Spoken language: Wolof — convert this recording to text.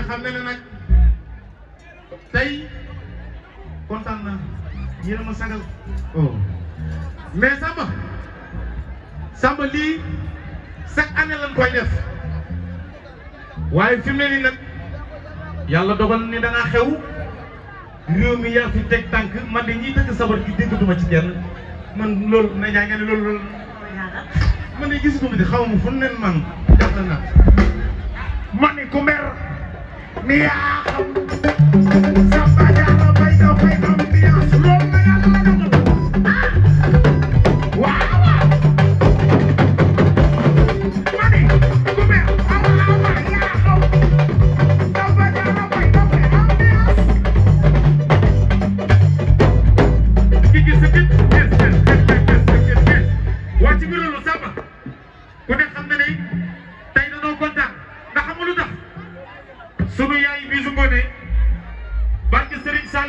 ne xam ne ne nag tey kontaan na yéen a ma sagal oh mais Samba Samba lii chaque année lañ koy def waaye fi mu ne nii nag yàlla dogal ni da xew réew mi yaa fi teg tànk man de ñiy tëgg sabar gi déggatuma ci kenn man loolu na ñaa nga ne loolu loolu man de gisatuma di xaw ma fu nen man jàpp na man ni ku mer mi yaa xam